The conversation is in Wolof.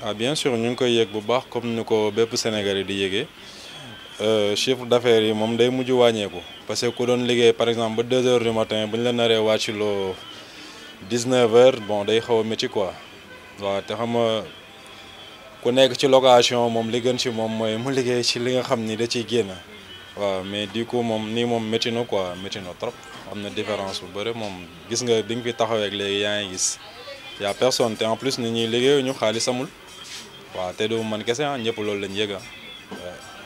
ah bien sûr ñu ngi koy yegg bu baax comme ni ko bépp Sénégalais di yëgee chiffre d'affaires yi moom day mujj wàññeeku parce que ku doon liggéey par exemple ba deux heures du matin bu ñu la naree wàcc loo dix-neuf heures bon day xaw a métti quoi waaw te xam nga ku nekk ci location moom li gën ci moom mooy mu liggéey ci li nga xam ni da ciy génn waaw mais du coup moom nii moom métti na quoi métti na trop am na différence bu bëri moom gis nga bi nga fi taxawee ak léegi yaa ngi gis y a personne te en plus nit ñi ñu xaalis amul. waaw te du man kese ah ñëpp loolu lañ yëg ah.